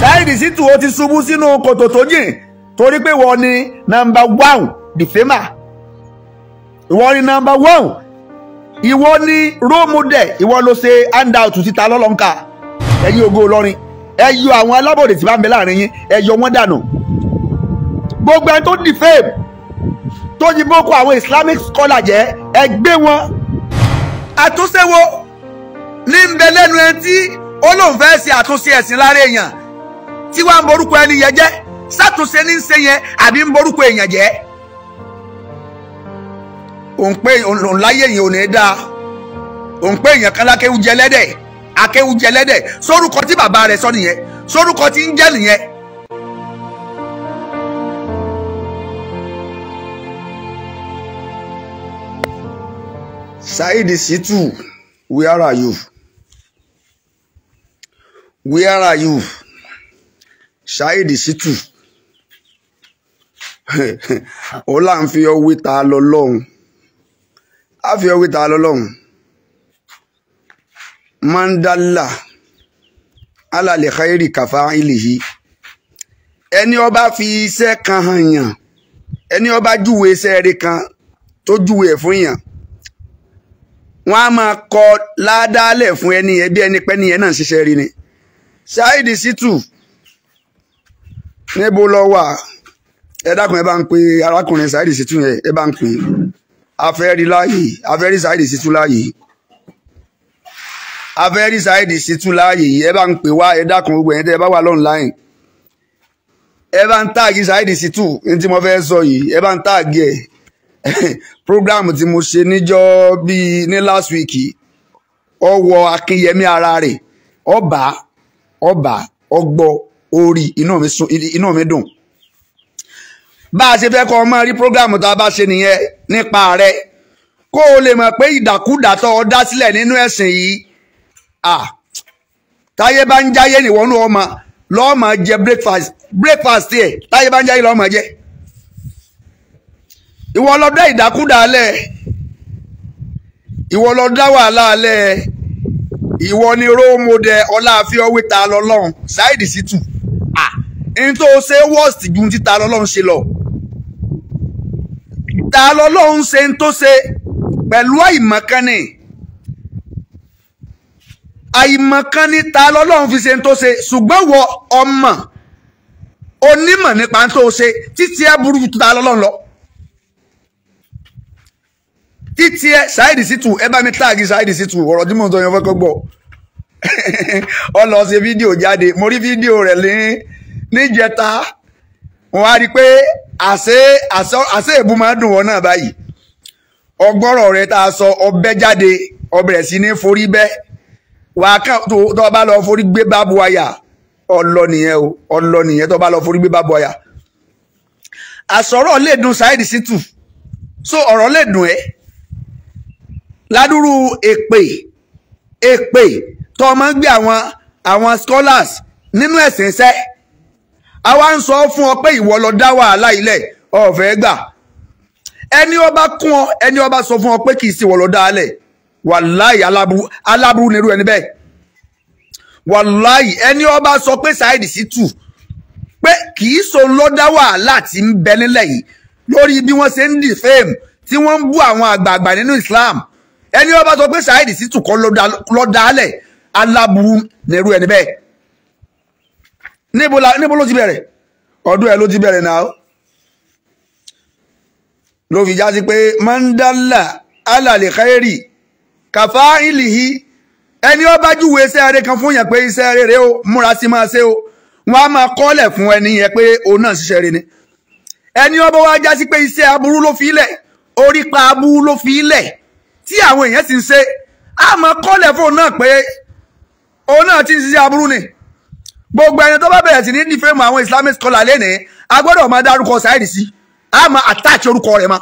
Saheed Shittu ó ti ṣubú sínú kòtò tó jìn torí pé wọ́n ní nọmba one dìfẹ́mà ìwọ ni nọmba one ìwọ ni role model ìwọ ló ṣe handout títa lọ́lọ́ǹkà ẹ̀yin ògo olórin ẹ yọ àwọn alábòde tí bá ń bẹ láàrin yín dànù gbogbo ẹni tó dìfẹ́mù tó yí boko àwọn Islamic scholar jẹ́ ẹ wọn àtúnṣe wo ní ń bẹ lẹ́nu ẹ tí ó lóun fẹ́ ṣe àtúnṣe ẹ̀sìn èèyàn tí wàá ń borúkọ ẹni yẹn jẹ́ sátúnṣe ní ń ṣe yẹn àbí ń borúkọ èèyàn jẹ́ òun pé òun láyé yẹn ò ní dáa òun pé èèyàn kan lákéwu jẹ lẹ́dẹ̀ akéwu jẹ sórúkọ tí bàbá sọ nìyẹn sórúkọ tí ń nìyẹn. where are you? where are you? ṣáìdì ṣìtù ó là ń fi ọwé ta lọ lọ́hùn á fi ọwé ta lọ lọ́hùn mandala alalẹ̀ khairi kàfá ìlìyí ẹni ọba fi iṣẹ́ kan hàn yàn ẹni ọba júwe iṣẹ́ rẹ̀ kan tó júwe ẹ̀ fún yàn wọ́n á máa kọ ládàálẹ̀ fún ẹni yẹn bí ẹni pẹ́ni yẹn náà ṣiṣẹ́ rí ni ṣáìdì ṣìtù. Si níbo lọ wà ẹ dákun ẹ bá ń pe arákùnrin Saheed Shittu yẹn ẹ bá ń pè é afẹ́rí láàyè afẹ́rí Saheed Shittu láàyè afẹ́rí Saheed Shittu láàyè ẹ bá ń pè wá ẹ gbogbo ẹ̀yin ẹ bá wà online ẹ bá ń táàgì Saheed Shittu ní tí mo fẹ́ sọ yìí ẹ bá ń táàgì ẹ̀ program tí mo ṣe níjọ́ bíi ní last week ọwọ́ Akínyẹmí ara rẹ̀ ọba ọba ọgbọ́n orí inú mi sun inú mi dùn bá a ṣe fẹ́ kọ́ ọmọ rí program tá a bá ṣe nìyẹn nípa rẹ kó o lè mọ̀ pé ìdàkúdà tó o dá sílẹ̀ nínú ẹ̀sìn yìí táyé bá ń jáyé nìwọ́nú ọmọ lọ́ọ́ máa jẹ breakfast breakfast tiẹ̀ táyé bá ń jáyé lọ́ọ́ máa jẹ ìwọ lọ dá ìdákúdà alẹ ìwọ lọ dá wàhálà alẹ ìwọ ni róòmù dẹ ọláàfin ọwé ta lọlọrun ṣáìdì sí tù n tó ṣe worst ju ti ta lọ́lọ́run ṣe lọ ta lọ́lọ́run ṣe ń tó ṣe pẹ̀lú àìmọ̀kánni àìmọ̀kánni ta lọ́lọ́run fi ṣe ń tó ṣe ṣùgbọ́n wọ ọmọ onímọ̀ nípa tó ṣe títí ẹ burú ju ta lọ́lọ́run lọ títí ẹ ṣáìdì sí tù ẹ bá mi táàgì ṣáìdì sí tù ọ̀rọ̀ tí mo sọ yẹn fẹ́ kọ́ gbọ́ ọ lọ ṣe fídíò jáde mo rí fídíò rẹ̀ lẹ́yìn níjẹta wọn wá rí i pé àṣé àṣé èébú máa dùn wọn náà báyìí ọgbọ́rọ̀ rẹ tá a sọ ọbẹ̀ jáde ọbẹ̀rẹ̀ sí ní forí bẹ́ wàá kàn tó bá lọ forí gbé bábu wáyà ọlọ nìyẹn o ọlọ nìyẹn tó bá lọ forí gbé bábu wáyà àsọ̀rọ̀ lè dùn Saheed Shittu so ọ̀rọ̀ lè dùn ẹ́ ládùúrú èpè èpè tó máa gbé àwọn àwọn scholars nínú ẹ̀sìn iṣẹ́ a wá ń sọ fún ọ pé ìwọ ló dá wàhálà ilẹ̀ ọ̀fẹ́ gbà ẹni ọba kún ọ ẹni ọba sọ fún ọ pé kì í sí ìwọ ló dá alẹ̀ wàláì aláburú aláburú nírú ẹni bẹ́ẹ̀ wàláì ẹni ọba sọ pé Saheed Shittu pé kì í so ló dá wàhálà tí ń bẹ nílẹ̀ yìí lórí bí wọ́n ṣe ń dì fẹ́ẹ̀mù tí wọ́n ń bú àwọn àgbààgbà nínú Islam ẹni ọba sọ pé Saheed Shittu kọ́ ló dá alẹ̀ aláburú nírú ẹni bẹ́ẹ̀ níbo ló ti bẹ̀rẹ̀ ọdún ẹ̀ ló ti bẹ̀rẹ̀ náà ló fi já sí pé mandala alàlẹ̀ káyérì kàfá ìlìhí ẹni ó bá júwe iṣẹ́ eré kan fún yẹn pé iṣẹ́ rere ó múra sí máa ṣe ó wọ́n á máa kọ́lẹ̀ fún ẹni yẹn pé òun náà ṣiṣẹ́ rere ni ẹni ó bá wá já sí pé iṣẹ́ aburú ló fi lẹ̀ orí pa aburú ló fi lẹ̀ tí àwọn èèyàn sì ń ṣe á máa kọ́lẹ̀ fún òun náà pé òun náà ti ń ṣiṣẹ́ aburú ni gbogbo ẹni tó bá bẹ̀rẹ̀ sí ní nífẹ̀ẹ́ mọ àwọn islamic scholar lẹ́nìí a gbọ́dọ̀ máa dárúkọ Saheed sí a máa attach orúkọ rẹ̀ ma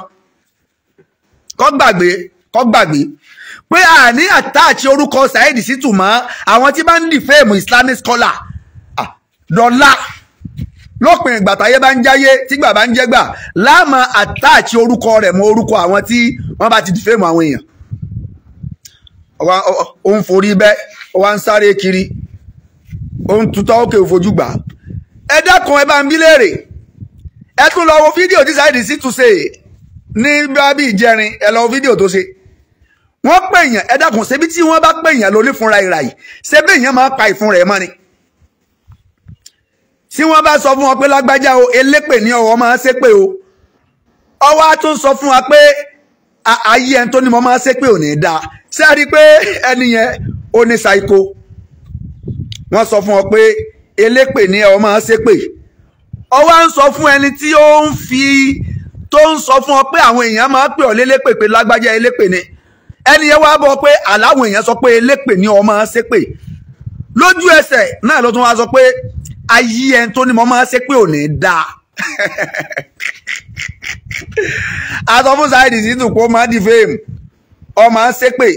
kọ́ gbàgbé kọ́ gbàgbé pé a ní attach orúkọ Saheed sí tùmọ̀ àwọn tí bá ń nífẹ̀ẹ́ mọ islamic scholar lọ́la lópin ìgbà táyé bá ń jáyé tígbà bá ń jẹ́gbà láàmà attach orúkọ rẹ̀ mọ orúkọ àwọn tí wọ́n bá ti nífẹ̀ẹ́ mọ àwọn èèyàn ó ń forí bẹ́ ó wá ń sáré kiri òun tutọ́ òkè òfojú gbà ẹ dákun ẹ bá ń bí léèrè ẹ tún lọ wo fídíò tí Saheed Shittu ṣe ní bábí ìjẹrin ẹ lọ wo fídíò tó ṣe wọ́n pèèyàn ẹ dákun ṣebí tí wọ́n bá pèèyàn lóní fúnra ìrà yìí ṣebí èèyàn máa pa ìfun rẹ̀ mọ́ ni tí wọ́n bá sọ fún wọn pé lágbájá o elépè ní ọwọ́ máa ń ṣépè o ọwọ́ á tún sọ fún wa pé ayé ẹni tó ní mo máa ń ṣépè ò ní dáa ṣé ẹ rí i pé ẹni yẹn ó ní ṣáíkò wọ́n sọ fún ọ pé elépè ni ọ máa ṣépè ọ wá ń sọ fún ẹni tí ó ń fi tó ń sọ fún ọ pé àwọn èèyàn máa pè ọ lélépè pé lágbájá elépè ni ẹni yẹn wá bọ pé àláwọn èèyàn sọ pé elépè ni ọ máa ṣépè lójú ẹsẹ̀ náà ló tún wá sọ pé ayé ẹni tó ní mo máa ṣépè ò ní dáa àtọ́fún Saheed Shittu kó máa di fame ọ máa ṣépè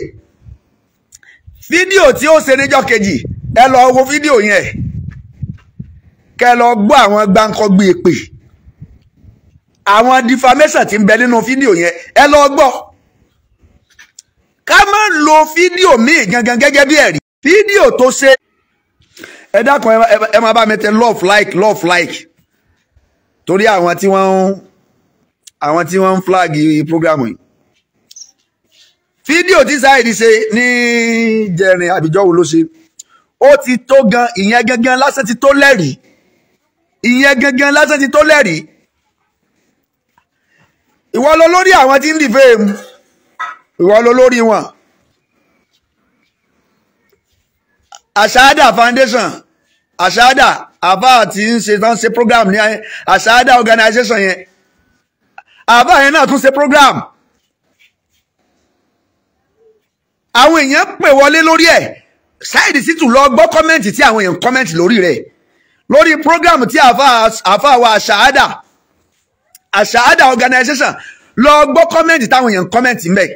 fídíò tí ó ṣe níjọ́ kejì ẹ lọ wo fídíò yẹn kẹ lọ gbọ́ àwọn gbáǹkọ́gbé pè àwọn defamation tí ń bẹ nínú fídíò yẹn ẹ lọ gbọ́ ká má lo fídíò míì gangan gẹ́gẹ́ bí ẹ̀rí fídíò tó ṣe ẹ dákun ẹ máa bá mi tẹ love like love like torí àwọn tí wọ́n ń àwọn tí wọ́n ń flag program yìí fídíò tí Saheed ṣe ní jẹrin àbíjọ́ wo ló ṣe ó ti tó gan ìyẹn gangan lásán ti tó lẹ́rìí ìyẹn gangan lásán ti tó lẹ́rìí ìwọ ló lórí àwọn tí ń dì fèèmù ìwọ ló lórí wọn àṣáádà foundation àṣáádà àbá tí ń ṣe tán ṣe program ní àṣáádà organization yẹn àbá yẹn náà tún ṣe program àwọn èèyàn pè wọlé lórí ẹ̀ Saheed Shittu lọ gbọ́ kọ́mẹ́ǹtì tí àwọn èèyàn kọ́mẹ́ǹtì lórí rẹ̀ lórí program tí àfa wa àṣàádà àṣàádà organization lọ gbọ́ kọ́mẹ́ǹtì táwọn èèyàn kọ́mẹ́ǹtì ń bẹ̀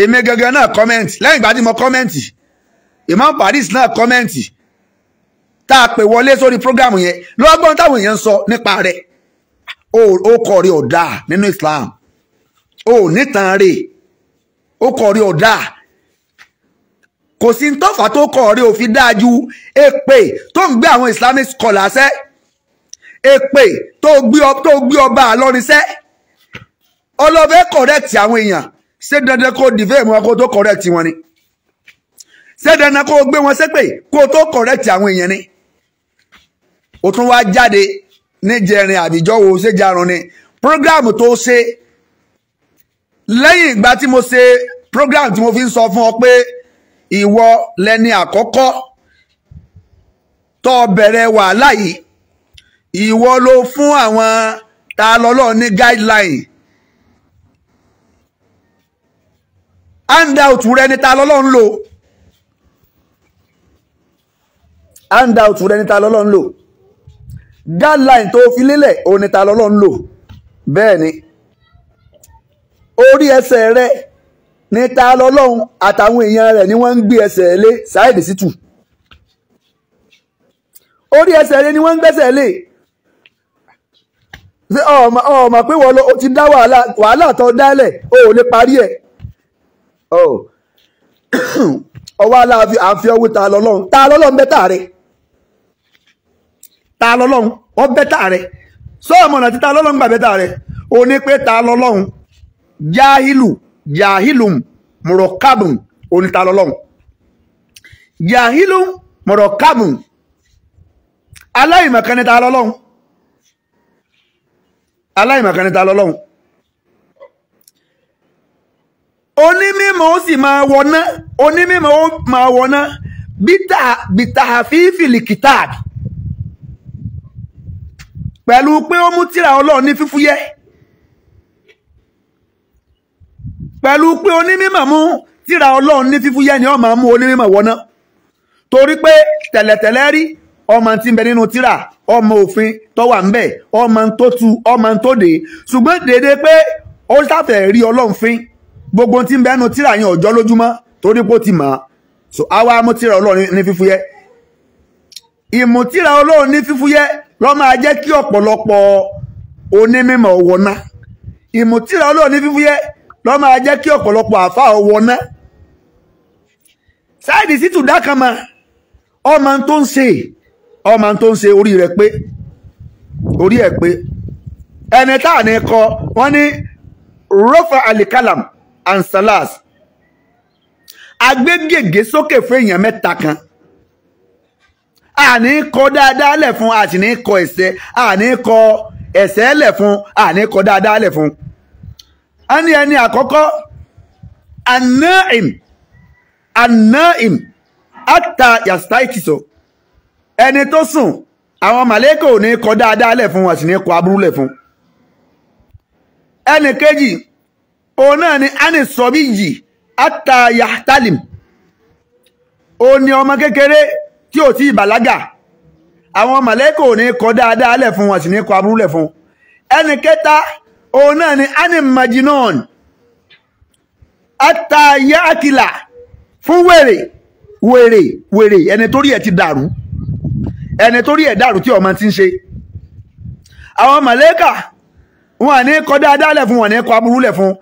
èmi gangan náà kọ́mẹ́ǹtì lẹ́yìn ìgbà tí mo kọ́mẹ́ǹtì Imam Paris náà kọ́mẹ́ǹtì tá a pè wọlé sórí program yẹn lọ gbọ́n táwọn èèyàn sọ nípa rẹ̀ ó kọ̀ rí ọ̀dà nínú Islam ó nítàn rè ó kọ̀ rí ọ̀dà kò sí tọ́fà tó kọ̀ ọ̀rẹ́ òfin dáa ju èpè tó ń gbé àwọn islamic scholars sẹ́ èpè tó gbé ọba àlọ́rin sẹ́ ọlọ́fẹ́ correct àwọn èèyàn ṣé dandan kó dìfẹ́ ìmúra kó tó correct wọn ni ṣé dandan kó gbé wọn sépè kó tó correct àwọn èèyàn ni ó tún wá jáde níjẹrin àbíjọ́ wo ṣéjarun ni program tó ṣe lẹ́yìn ìgbà tí mo ṣe program tí mo fi ń sọ fún ọ pé ìwọ lẹni àkọ́kọ́ tó bẹ̀rẹ̀ wàhálà yìí ìwọ ló fún àwọn ta lọ́lọ́ ní guideline handout rẹ ni ta lọ́lọ́ ń lò handout rẹ ni ta lọ́lọ́ ń lò guideline tó fi lélẹ̀ òun ni ta lọ́lọ́ ń lò bẹ́ẹ̀ ni orí ẹsẹ̀ rẹ̀ ni lọ́lọ́run àtàwọn eyan rẹ ni wọn gbe gbé ẹsẹ̀ side situ Shittu rí ẹsẹ̀ ni wọn ń ọ lé pé o ti dá wàhálà wàhálà tó dálẹ̀ o ò parí ẹ̀ ọwọ́ aláàfin àfi ọwọ́ ta lọ́lọ́run ta lọ́lọ́run ta ti ta ní pé ta jahilum murokabun onítalọ́lọ́hun jahilum murokabun aláìmọ̀kánita makane talolong lọ́lọ́hun makane talolong sì máa wọná onímímọ̀ ó máa wọná bita bítà fífìlì kìtàbí pẹ̀lú pé ó mú tírà ọlọ́run ní pẹ̀lú pé onímọ̀ mú tíra ọlọ́run ní fífúyẹ́ ni máa mú onímọ̀ wọná torí pé tẹ̀lẹ̀tẹ̀lẹ̀ rí ọmọ tí ń bẹ nínú tíra ọmọ òfin tọ́wà ń bẹ ọmọ tó tu ọmọ tó dé ṣùgbọ́n dédé pé ó rí ọlọ́run fín gbogbo tí ń bẹ nínú tíra yẹn torí pé ti mọ̀ so àwa mú tíra ọlọ́run lọ́ máa jẹ́ kí ọ̀pọ̀lọpọ̀ àfa ọwọ́ ná sáìdì sí tùdá kan mọ́ ọmọ tó ń ṣe ọmọ tó ń ṣe orí rẹ̀ pé orí ẹ̀ pé ẹni tá ní kọ wọ́n ní rọ́fà alikalam ansalas agbégègé sókè fún èèyàn mẹ́ta kan àní kọ dáadáa lẹ̀ fún àti ní kọ ẹ̀sẹ̀ àní kọ ẹ̀sẹ̀ lẹ̀ fún àní kọ dáadáa lẹ̀ fún. a ní ẹni àkọ́kọ́ anáìm anáìm ata yastaikiso ẹni tó sùn àwọn màlẹ́kọ̀ ò ní kọ dáadáa lẹ̀ fún wọn sì ní kọ aburú lẹ̀ fún ẹni kejì òun náà ni ani sọ̀bí yi ata yahtalim ó ní ọmọ kékeré tí ò tí ì bàlágà àwọn màlẹ́kọ̀ ní kọ dáadáa lẹ̀ fún wọn sì ní kọ aburú lẹ̀ fún ẹni kẹta òun náà ni anim majinon ataya akila fún wèrè wèrè wèrè ẹni torí ẹ̀ ti dàrú ẹni torí ẹ̀ dàrú tí ọmọ ti ń ṣe àwọn màlẹ́kà wọn à ní kọ dáadáa lẹ̀ fún wọn ní kọ aburú lẹ̀ fún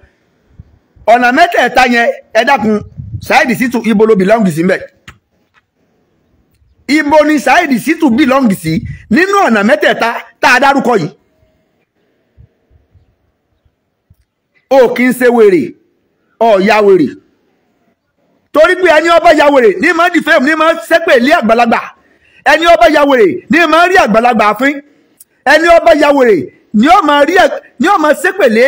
ọ̀nà mẹ́tẹ̀ẹ̀ta yẹn ẹ dákun Saheed Shittu ibo sí mbẹ̀ ibo ni Saheed Shittu bìlọ́ǹgì sí nínú ọ̀nà mẹ́tẹ̀ẹ̀ta tá a dárúkọ yìí o kì í ṣe wèrè ọ̀ya wèrè torí pé ẹni ọba ya wèrè ní máa dì fẹ́ẹ̀mù ní máa ṣépè lé àgbàlagbà ẹni ọba ya wèrè ní máa rí àgbàlagbà àfin ẹni ọba ya wèrè ní ó máa rí ní ó máa ṣépè lé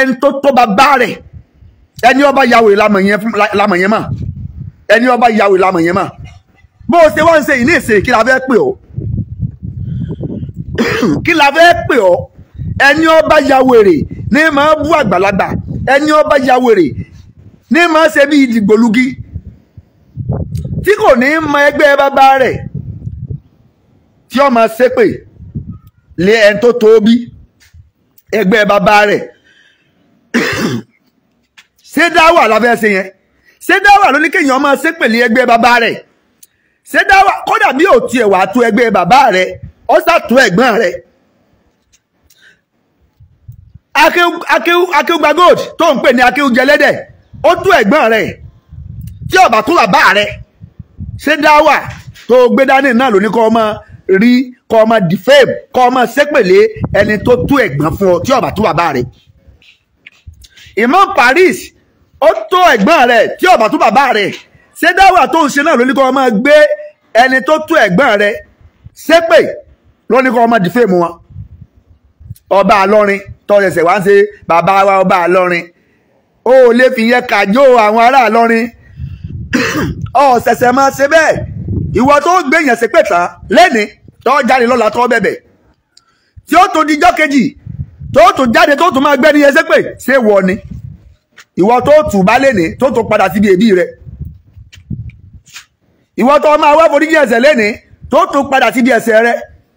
ẹni tó tó bàbá rẹ̀ ẹni ọba ya wèrè lamọ̀ yẹn mọ̀ ẹni ọba ya wèrè lamọ̀ yẹn mọ̀ bó o ṣe wá ń ṣe ìní ìsìn kí la fẹ́ pè ọ́ kí la fẹ́ pè ọ́ ẹni ọba ya wèrè ní máa bú àgbàlagbà ẹni ọba ya wèrè ní máa ṣe bí ìdìgbòlugi tí kò ní mọ ẹgbẹ́ bàbá rẹ̀ tí ó máa ṣépè lé ẹni tó tóbi ẹgbẹ́ bàbá rẹ̀ ṣé dáwà la fẹ́ ṣe yẹn ṣé dáwà ló ní kéèyàn máa ṣépè lé ẹgbẹ́ bàbá rẹ̀ ṣé dáwà kódà bí ò tiẹ̀ wà tó ẹgbẹ́ bàbá rẹ̀ ó sà ẹ̀gbọ́n rẹ̀ akéwùgbà gold tó ń pè ní akéwùjẹlẹ́dẹ̀ ó tún ẹ̀gbọ́n rẹ̀ tí ọ̀bà tún bàbá rẹ̀ ṣé dáwà tó gbé dání náà lóní kọ́ ọmọ rí kọ́ ọmọ defame kọ́ ọmọ sépèlé ẹni tó tún ẹ̀gbọ́n fún ọ tí ọ̀bà tún bàbá rẹ̀ Imam Paris ó tó ẹ̀gbọ́n rẹ̀ tí ọ̀bà tún bàbá rẹ̀ ṣé dáwà tó ń ṣe náà lóní kọ́ ọmọ gbé ẹni tó tún ẹ̀gbọ́n rẹ̀ sépè lóní kọ́ ọmọ defame wọn ọba àlọrin tọ́sẹ̀sẹ̀ wá ń ṣe bàbá wa ọba àlọ́rin ó lè fi yẹn kàjó àwọn ará àlọ́rin ọ̀sẹ̀sẹ̀ máa ṣe bẹ́ẹ̀ ìwọ tó gbẹ̀yàn sí pẹ̀tà lẹ́ni tó jáde lọ́la tó bẹ̀bẹ̀ tí ó tó dijọ́ kejì tó tó jáde tó tó máa gbẹ́ni yẹn sépè ṣé wọ ni ìwọ tó tù bá lẹ́ni tó tó padà síbi èbí rẹ ìwọ tó máa wá foríjì ẹ̀ṣẹ̀ lẹ́ni tó tó padà síbi ẹ̀ṣẹ̀ rẹ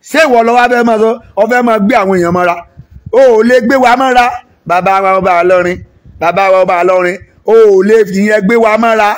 ṣé ìwọ lọ́wọ́ abẹ́ máa sọ ọ fẹ́ máa gbé àwọn èèyàn mọ́ra o ò lè gbé wa mọ́ra bàbá wa ọba àlọ́rin bàbá wa ọba àlọ́rin o ò lè fìyẹn gbé wa mọ́ra.